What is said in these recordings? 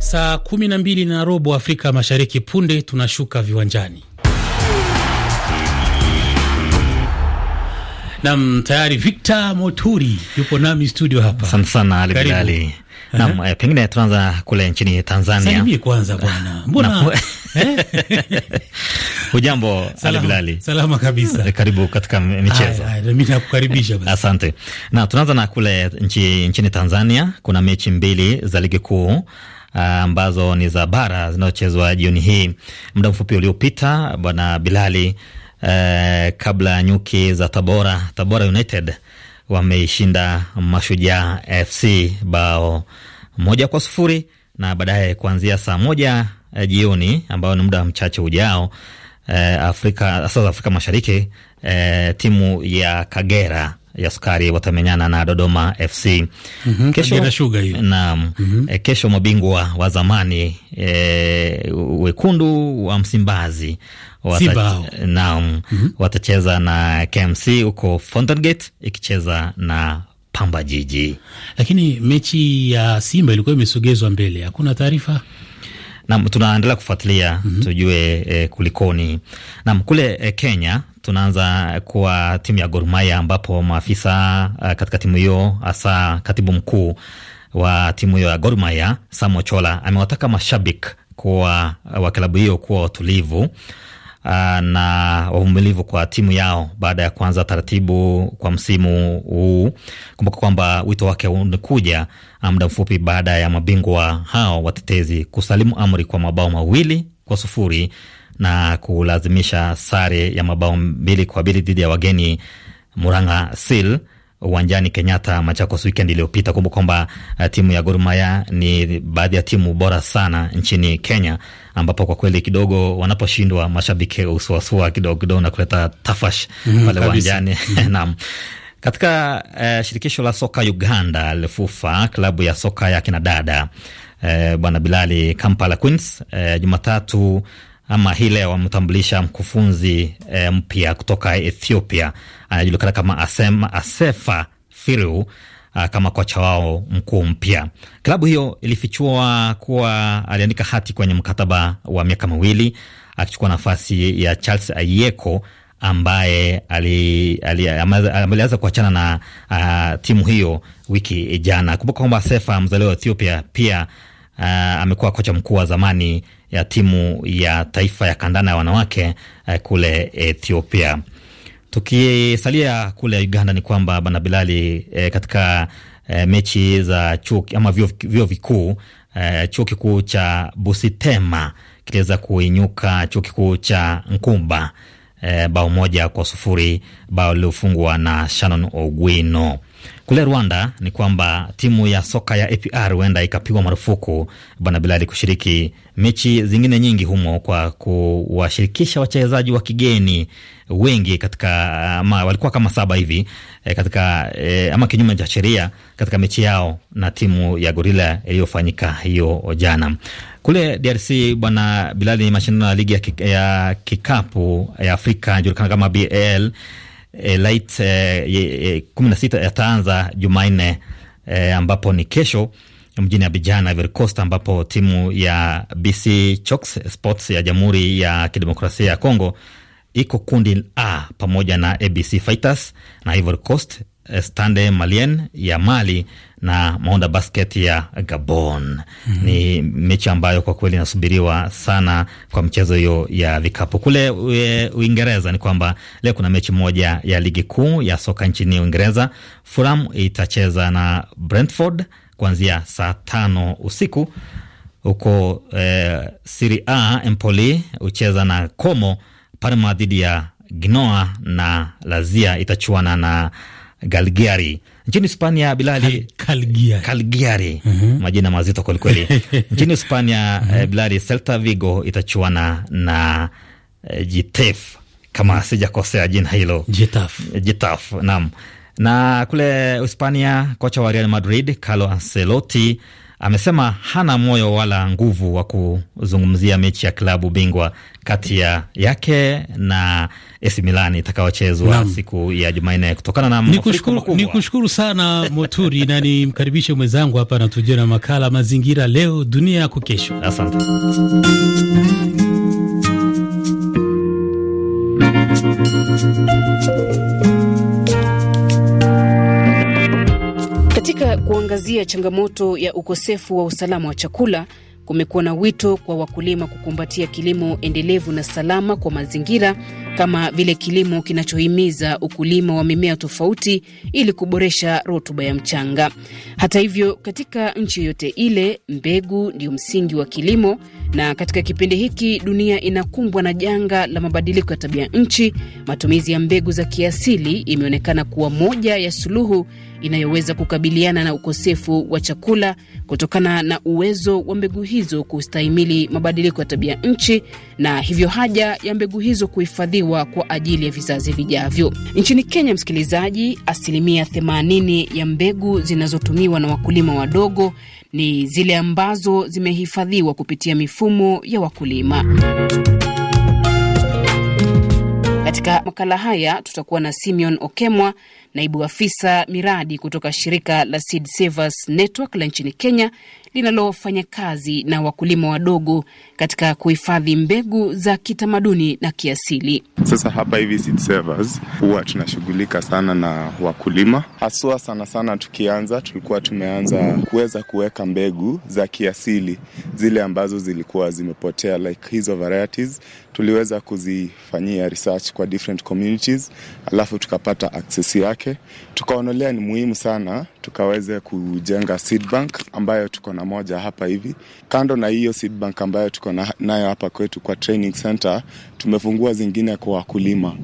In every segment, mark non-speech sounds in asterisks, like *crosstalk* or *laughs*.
Saa kumi na mbili na robo Afrika Mashariki. Punde tunashuka viwanjani. Nam tayari Victor Moturi yupo nami studio hapa. Asante sana Ali Bilali. Naam, eh, pengine tuanza kule nchini Tanzania. Salimie kwanza bwana. *laughs* Mbona? Eh? *laughs* Hujambo Ali Bilali. Salama kabisa. Eh, karibu katika michezo. Mimi nakukaribisha basi. *laughs* Asante. Na tunaanza na kule nchi, nchini Tanzania kuna mechi mbili za ligi kuu Ah, ambazo ni za bara zinazochezwa jioni hii. Muda mfupi uliopita, bwana Bilali, eh, kabla ya nyuki za Tabora, Tabora United wameishinda Mashujaa FC bao moja kwa sufuri na baadaye kuanzia saa moja eh, jioni ambayo ni muda mchache ujao eh, Afrika, Afrika Mashariki eh, timu ya Kagera ya sukari watamenyana na Dodoma FC. mm -hmm. Kesho shuga hiyo na mm -hmm. Eh, kesho mabingwa wa zamani e, wekundu wa Msimbazi wata, na, mm -hmm. watacheza na KMC huko Fontengate ikicheza na Pamba Jiji, lakini mechi ya Simba ilikuwa imesogezwa mbele. Hakuna taarifa Nam, tunaendelea kufuatilia mm -hmm. tujue eh, kulikoni. Nam, kule eh, Kenya tunaanza kwa timu ya Gor Mahia ambapo maafisa uh, katika timu hiyo hasa katibu mkuu wa timu hiyo ya Gor Mahia Chola amewataka mashabiki kuwa eh, wa klabu hiyo kuwa watulivu eh, na wavumilivu kwa timu yao baada ya kuanza taratibu kwa msimu huu. Kumbuka kwamba wito wake unakuja ah, muda mfupi baada ya mabingwa hao watetezi kusalimu amri kwa mabao mawili kwa sufuri na kulazimisha sare ya mabao mbili kwa mbili dhidi ya wageni Muranga Seal uwanjani Kenyatta Machakos wikendi iliyopita. Kumbuka kwamba uh, timu ya Gor Mahia ni baadhi ya timu bora sana nchini Kenya, ambapo kwa kweli kidogo wanaposhindwa mashabiki usuasua kidogo kidogo na kuleta tafash mm, pale uwanjani mm. *laughs* Naam. Katika eh, shirikisho la soka Uganda LFUFA, klabu ya soka ya kinadada eh, uh, bwana Bilali Kampala Queens eh, Jumatatu ama hii leo amtambulisha mkufunzi e, mpya kutoka Ethiopia anajulikana kama Asem, Asefa a, ah, kama kocha wao mkuu mpya. Klabu hiyo ilifichua kuwa aliandika hati kwenye mkataba wa miaka miwili akichukua nafasi ya Charles Ayeko ambaye alianza kuachana na uh, timu hiyo wiki jana. Kumbuka kwamba Sefa mzaliwa wa Ethiopia pia uh, amekuwa kocha mkuu wa zamani ya timu ya taifa ya kandanda ya wanawake eh, kule Ethiopia. Tukisalia kule Uganda ni kwamba bana Bilali, eh, katika eh, mechi za chuo ama vyuo vikuu eh, chuo kikuu cha Busitema kiliweza kuinyuka chuo kikuu cha Nkumba eh, bao moja kwa sufuri, bao lilofungwa na Shannon Ogwino. Kule Rwanda ni kwamba timu ya soka ya APR huenda ikapigwa marufuku bwana Bilali kushiriki mechi zingine nyingi humo kwa kuwashirikisha wachezaji wa kigeni wengi katika ama, walikuwa kama saba hivi e, katika e, ama kinyume cha sheria katika mechi yao na timu ya gorila iliyofanyika hiyo jana kule DRC. Bwana Bilali, mashindano ya ligi ya, kikapu ya Afrika inajulikana kama BAL e, light e, e, kumi na sita yataanza Jumanne e, ambapo ni kesho mjini Abijan, Ivory Coast, ambapo timu ya BC Chocs Sports ya Jamhuri ya Kidemokrasia ya congo iko kundi A pamoja na ABC Fighters na Ivory Coast, Stade Malien ya Mali na Maunda Basket ya Gabon. mm -hmm. Ni mechi ambayo kwa kweli inasubiriwa sana kwa mchezo hiyo ya vikapu. Kule e, Uingereza ni kwamba leo kuna mechi moja ya ligi kuu ya soka nchini Uingereza. Fulham itacheza na Brentford kuanzia saa tano usiku huko eh, Serie A Empoli hucheza na Como, Parma dhidi ya Ginoa na Lazia itachuana na Galgiari. Nchini Hispania, Bilali, Cagliari, Cagliari, mm -hmm. majina mazito kwelikweli *laughs* nchini Hispania mm -hmm. Bilali, Celta Vigo itachuana na eh, Getafe kama sijakosea jina hilo, Getafe, Getafe, naam. Na kule Hispania, kocha wa Real Madrid Carlo Ancelotti amesema hana moyo wala nguvu wa kuzungumzia mechi ya klabu bingwa kati ya yake na AC Milan itakayochezwa siku ya Jumanne kutokana na ni kushukuru sana Moturi na nimkaribishe mwenzangu hapa tujue na makala mazingira leo dunia yako kesho. Asante. Katika kuangazia changamoto ya ukosefu wa usalama wa chakula, kumekuwa na wito kwa wakulima kukumbatia kilimo endelevu na salama kwa mazingira kama vile kilimo kinachohimiza ukulima wa mimea tofauti ili kuboresha rutuba ya mchanga. Hata hivyo, katika nchi yoyote ile, mbegu ndiyo msingi wa kilimo, na katika kipindi hiki dunia inakumbwa na janga la mabadiliko ya tabia nchi, matumizi ya mbegu za kiasili imeonekana kuwa moja ya suluhu inayoweza kukabiliana na ukosefu wa chakula kutokana na uwezo wa mbegu hizo kustahimili mabadiliko ya tabia nchi, na hivyo haja ya mbegu hizo kuhifadhiwa kwa ajili ya vizazi vijavyo. Nchini Kenya, msikilizaji, asilimia 80 ya mbegu zinazotumiwa na wakulima wadogo ni zile ambazo zimehifadhiwa kupitia mifumo ya wakulima. Katika makala haya tutakuwa na Simeon Okemwa naibu afisa miradi kutoka shirika la Seed Savers Network la nchini Kenya linalofanya kazi na wakulima wadogo katika kuhifadhi mbegu za kitamaduni na kiasili. Sasa hapa hivi Seed Savers huwa tunashughulika sana na wakulima haswa, sana sana tukianza, tulikuwa tumeanza kuweza kuweka mbegu za kiasili zile ambazo zilikuwa zimepotea, like hizo varieties tuliweza kuzifanyia research kwa different communities, alafu tukapata access yake yake, tukaonelea ni muhimu sana tukaweze kujenga seed bank ambayo tuko na moja hapa hivi. Kando na hiyo seed bank ambayo tuko nayo hapa kwetu kwa training center, tumefungua zingine kwa wakulima.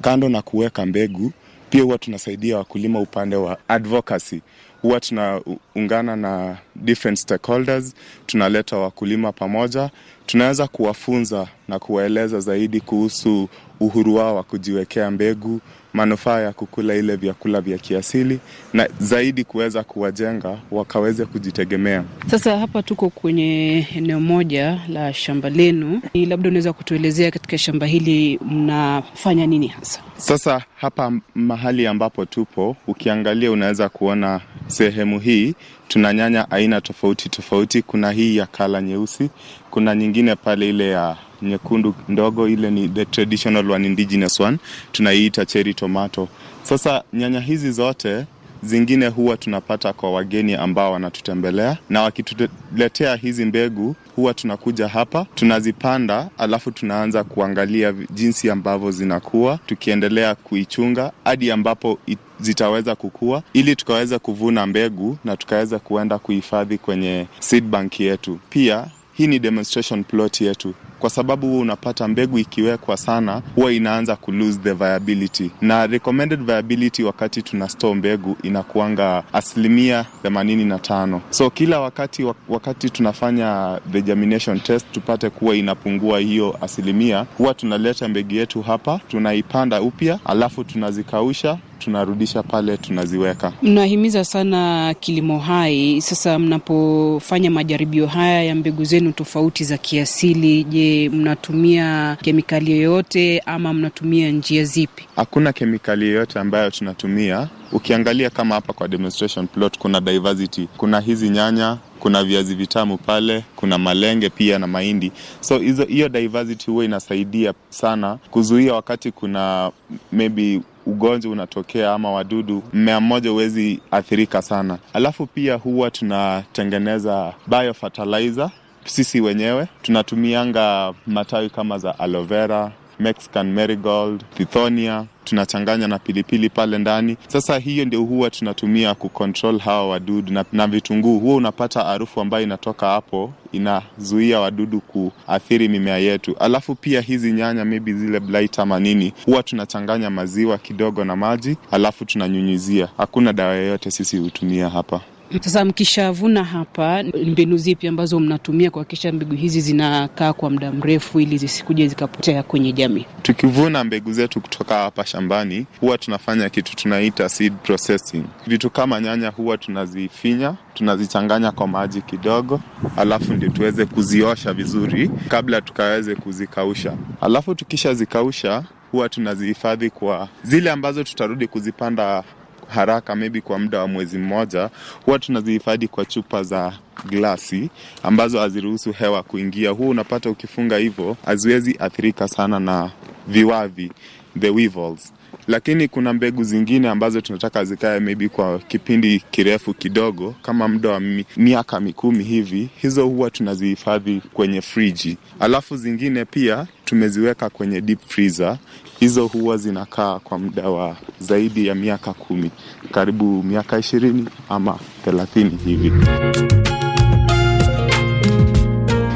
Kando na kuweka mbegu, pia huwa tunasaidia wakulima upande wa advocacy, huwa tuna tunaungana na different stakeholders, tunaleta wakulima pamoja, tunaweza kuwafunza na kuwaeleza zaidi kuhusu uhuru wao wa kujiwekea mbegu, manufaa ya kukula ile vyakula vya kiasili na zaidi kuweza kuwajenga wakaweze kujitegemea. Sasa hapa tuko kwenye eneo moja la shamba lenu, labda unaweza kutuelezea katika shamba hili mnafanya nini hasa? Sasa hapa mahali ambapo tupo, ukiangalia unaweza kuona sehemu hii tuna nyanya aina tofauti tofauti. Kuna hii ya kala nyeusi, kuna nyingine pale ile ya nyekundu ndogo, ile ni the traditional one, indigenous one, tunaiita cherry tomato. Sasa nyanya hizi zote zingine huwa tunapata kwa wageni ambao wanatutembelea, na wakituletea hizi mbegu huwa tunakuja hapa tunazipanda, alafu tunaanza kuangalia jinsi ambavyo zinakuwa, tukiendelea kuichunga hadi ambapo zitaweza kukua, ili tukaweza kuvuna mbegu na tukaweza kuenda kuhifadhi kwenye seed bank yetu. Pia hii ni demonstration plot yetu kwa sababu huwa unapata mbegu ikiwekwa sana huwa inaanza ku lose the viability, na recommended viability wakati tuna store mbegu inakuanga asilimia 85, na So kila wakati wakati tunafanya the germination test tupate kuwa inapungua hiyo asilimia, huwa tunaleta mbegu yetu hapa tunaipanda upya alafu tunazikausha tunarudisha pale, tunaziweka. Mnahimiza sana kilimo hai. Sasa mnapofanya majaribio haya ya mbegu zenu tofauti za kiasili, je, mnatumia kemikali yoyote ama mnatumia njia zipi? Hakuna kemikali yoyote ambayo tunatumia. Ukiangalia kama hapa kwa demonstration plot, kuna diversity, kuna hizi nyanya kuna viazi vitamu pale, kuna malenge pia na mahindi. So hiyo diversity huwa inasaidia sana kuzuia wakati kuna maybe ugonjwa unatokea ama wadudu, mmea mmoja huwezi athirika sana. Alafu pia huwa tunatengeneza biofertilizer sisi wenyewe, tunatumianga matawi kama za aloe vera Mexican marigold, thithonia tunachanganya na pilipili pale ndani. Sasa hiyo ndio huwa tunatumia kucontrol hawa wadudu na, na vitunguu huwa unapata harufu ambayo inatoka hapo, inazuia wadudu kuathiri mimea yetu. Alafu pia hizi nyanya maybe zile blight ama nini, huwa tunachanganya maziwa kidogo na maji, alafu tunanyunyizia. Hakuna dawa yoyote sisi hutumia hapa. Sasa mkishavuna hapa, mbinu zipi ambazo mnatumia kuhakikisha mbegu hizi zinakaa kwa muda mrefu ili zisikuje zikapotea kwenye jamii? Tukivuna mbegu zetu kutoka hapa shambani, huwa tunafanya kitu tunaita seed processing. Vitu kama nyanya huwa tunazifinya, tunazichanganya kwa maji kidogo, alafu ndio tuweze kuziosha vizuri kabla tukaweze kuzikausha. Alafu tukishazikausha huwa tunazihifadhi kwa zile ambazo tutarudi kuzipanda haraka maybe kwa muda wa mwezi mmoja, huwa tunazihifadhi kwa chupa za glasi ambazo haziruhusu hewa kuingia. huu unapata ukifunga hivyo haziwezi athirika sana na viwavi the weevils lakini kuna mbegu zingine ambazo tunataka zikae maybe kwa kipindi kirefu kidogo, kama muda wa miaka mikumi hivi. Hizo huwa tunazihifadhi kwenye friji, alafu zingine pia tumeziweka kwenye deep freezer. Hizo huwa zinakaa kwa muda wa zaidi ya miaka kumi, karibu miaka ishirini ama thelathini hivi.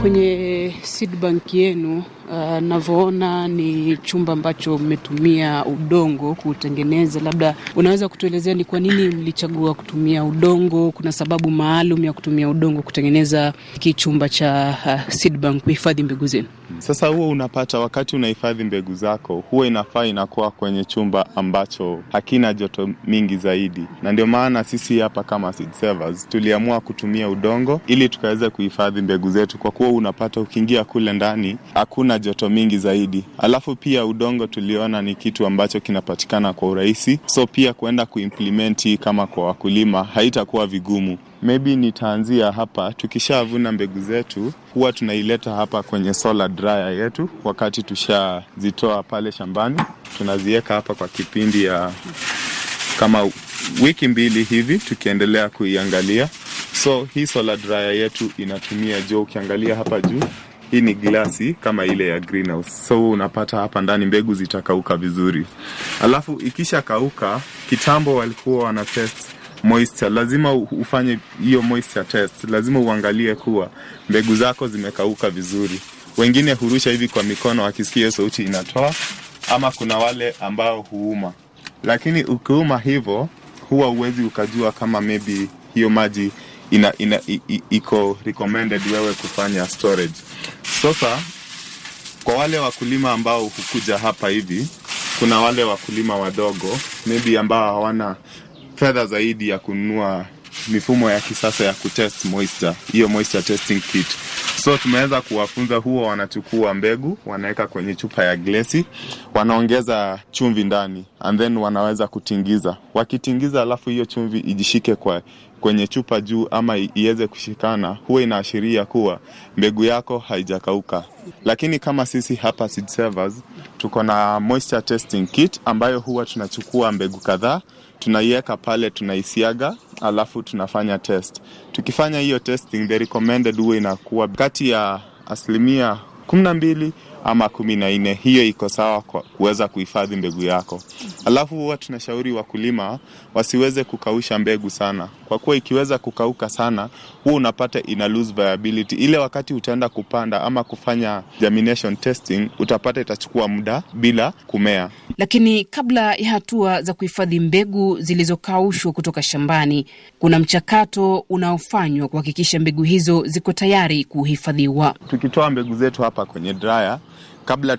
Kwenye seed bank yenu uh, navyoona ni chumba ambacho mmetumia udongo kutengeneza. Labda unaweza kutuelezea ni kwa nini mlichagua kutumia udongo? Kuna sababu maalum ya kutumia udongo kutengeneza hiki chumba cha uh, kuhifadhi mbegu zenu? Sasa huo unapata wakati unahifadhi mbegu zako, huwa inafaa inakuwa kwenye chumba ambacho hakina joto mingi zaidi, na ndio maana sisi hapa kama seed savers tuliamua kutumia udongo ili tukaweza kuhifadhi mbegu zetu, kwa kuwa unapata ukiingia kule ndani hakuna joto mito mingi zaidi. Alafu pia udongo tuliona ni kitu ambacho kinapatikana kwa urahisi, so pia kuenda kuimplement hii kama kwa wakulima haitakuwa vigumu. Maybe nitaanzia hapa, tukishavuna mbegu zetu huwa tunaileta hapa kwenye solar dryer yetu. Wakati tushazitoa pale shambani, tunaziweka hapa kwa kipindi ya kama wiki mbili hivi, tukiendelea kuiangalia. So hii solar dryer yetu inatumia jua, ukiangalia hapa juu hii ni glasi kama ile ya greenhouse, so unapata hapa ndani mbegu zitakauka vizuri, alafu ikisha kauka, kitambo walikuwa wana test moisture. Lazima ufanye hiyo moisture test, lazima uangalie kuwa mbegu zako zimekauka vizuri. Wengine hurusha hivi kwa mikono, wakisikia sauti inatoa, ama kuna wale ambao huuma, lakini ukiuma hivyo huwa uwezi ukajua kama maybe hiyo maji ina, ina, i, i, iko recommended wewe kufanya storage. Sasa kwa wale wakulima ambao hukuja hapa hivi, kuna wale wakulima wadogo maybe ambao hawana fedha zaidi ya kununua mifumo ya kisasa ya kutest moisture, hiyo moisture testing kit. So tumeweza kuwafunza, huwa wanachukua mbegu wanaweka kwenye chupa ya glesi, wanaongeza chumvi ndani and then wanaweza kutingiza. Wakitingiza alafu hiyo chumvi ijishike kwa kwenye chupa juu ama iweze kushikana, huwa inaashiria kuwa mbegu yako haijakauka. Lakini kama sisi hapa Seed Savers tuko na moisture testing kit ambayo huwa tunachukua mbegu kadhaa, tunaiweka pale, tunaisiaga alafu tunafanya test. Tukifanya hiyo testing, the recommended huwa inakuwa kati ya asilimia kumi na mbili ama kumi na nne. Hiyo iko sawa kwa kuweza kuhifadhi mbegu yako. Alafu huwa tunashauri wakulima wasiweze kukausha mbegu sana, kwa kuwa ikiweza kukauka sana, huwa unapata ina lose viability. Ile wakati utaenda kupanda ama kufanya germination testing, utapata itachukua muda bila kumea. Lakini kabla ya hatua za kuhifadhi mbegu zilizokaushwa kutoka shambani, kuna mchakato unaofanywa kuhakikisha mbegu hizo ziko tayari kuhifadhiwa. Tukitoa mbegu zetu hapa kwenye dryer kabla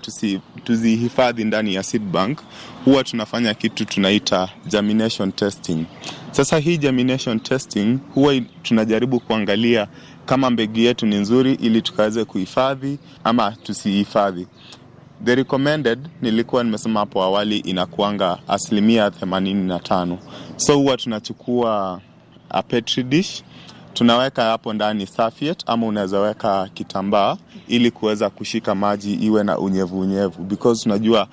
tuzihifadhi ndani ya seed bank, huwa tunafanya kitu tunaita germination testing. Sasa hii germination testing huwa tunajaribu kuangalia kama mbegu yetu ni nzuri, ili tukaweze kuhifadhi ama tusihifadhi. The recommended nilikuwa nimesema hapo awali inakuanga asilimia themanini na tano. So huwa tunachukua a petri dish tunaweka hapo ndani safiet ama unaweza weka kitambaa ili kuweza kushika maji iwe na unyevu unyevu, because tunajua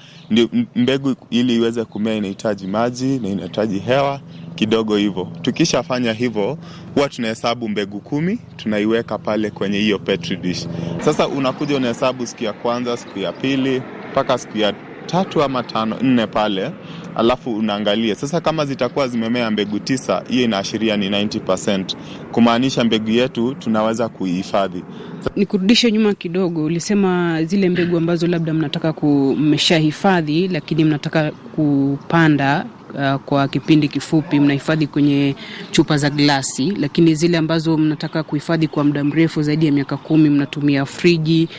mbegu ili iweze kumea inahitaji maji na inahitaji hewa kidogo. Hivyo tukishafanya hivyo, huwa tunahesabu mbegu kumi, tunaiweka pale kwenye hiyo petri dish. Sasa unakuja unahesabu siku ya kwanza, siku ya pili mpaka siku ya tatu ama tano nne pale alafu unaangalia sasa, kama zitakuwa zimemea mbegu tisa, hiyo inaashiria ni 90%, kumaanisha mbegu yetu tunaweza kuihifadhi. Nikurudishe nyuma kidogo, ulisema zile mbegu ambazo labda mnataka kumeshahifadhi, lakini mnataka kupanda uh, kwa kipindi kifupi, mnahifadhi kwenye chupa za glasi, lakini zile ambazo mnataka kuhifadhi kwa muda mrefu zaidi ya miaka kumi mnatumia friji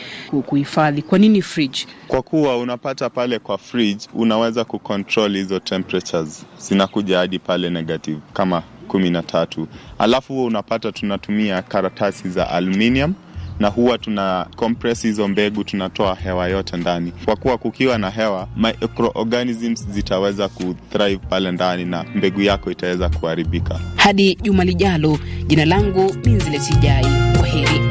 kuhifadhi. Kwa nini friji? Kwa kuwa unapata pale kwa friji unaweza kucontrol hizo temperatures zinakuja hadi pale negative kama kumi na tatu, alafu huo unapata tunatumia karatasi za aluminium na huwa tuna compress hizo mbegu, tunatoa hewa yote ndani, kwa kuwa kukiwa na hewa microorganisms zitaweza kuthrive pale ndani na mbegu yako itaweza kuharibika. Hadi juma lijalo, jina langu Minziletijai, kwa heri.